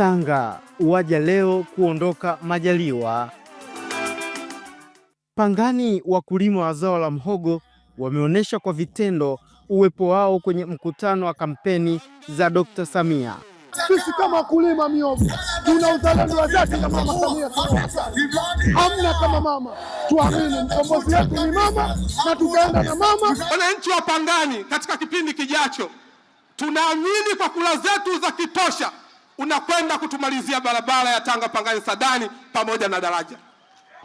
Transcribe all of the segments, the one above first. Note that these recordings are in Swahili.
Tanga waja leo kuondoka Majaliwa. Pangani, wakulima wa zao la mhogo wameonyesha kwa vitendo uwepo wao kwenye mkutano wa kampeni za Dr. Samia. Sisi kama wakulima miovu tuna uzalendo wa dhati na mama Samia, hamna kama mama. Tuamini mkombozi wetu ni mama, na tutaenda na mama. Wananchi wa Pangani, katika kipindi kijacho, tunaamini kwa kula zetu za kitosha unakwenda kutumalizia barabara ya Tanga Pangani Sadani pamoja na daraja.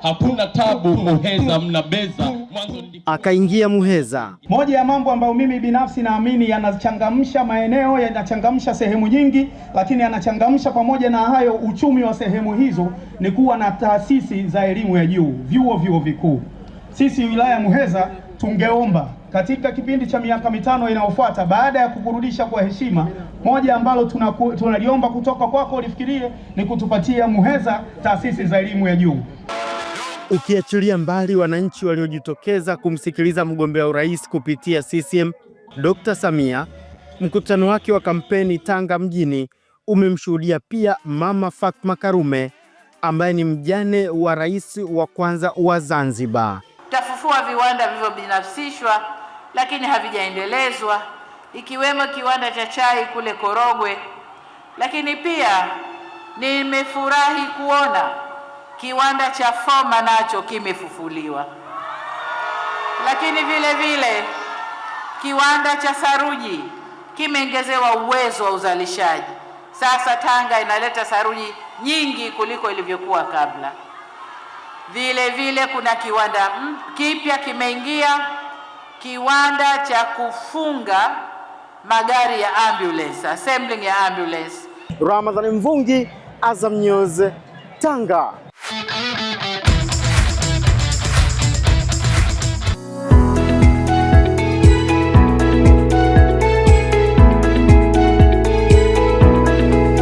Hakuna tabu Muheza, mnabeza mwanzo. Akaingia Muheza, moja ya mambo ambayo mimi binafsi naamini yanachangamsha maeneo, yanachangamsha sehemu nyingi, lakini yanachangamsha pamoja na hayo uchumi wa sehemu hizo ni kuwa na taasisi za elimu ya juu, vyuo vyuo vikuu. Sisi wilaya Muheza tungeomba katika kipindi cha miaka mitano inayofuata baada ya kukurudisha kwa heshima, moja ambalo tunaliomba tuna kutoka kwako ulifikirie ni kutupatia muheza taasisi za elimu ya juu. Ukiachilia mbali wananchi waliojitokeza kumsikiliza mgombea urais kupitia CCM Dr. Samia, mkutano wake wa kampeni Tanga mjini umemshuhudia pia Mama Fatma Karume ambaye ni mjane wa rais wa kwanza wa Zanzibar kuchafua viwanda vilivyobinafsishwa lakini havijaendelezwa ikiwemo kiwanda cha chai kule Korogwe. Lakini pia nimefurahi kuona kiwanda cha Foma nacho kimefufuliwa, lakini vile vile kiwanda cha saruji kimeongezewa uwezo wa uzalishaji. Sasa Tanga inaleta saruji nyingi kuliko ilivyokuwa kabla. Vile vile kuna kiwanda kipya kimeingia, kiwanda cha kufunga magari ya ambulance, assembling ya ambulance. Ramadhani Mvungi, Azam News, Tanga.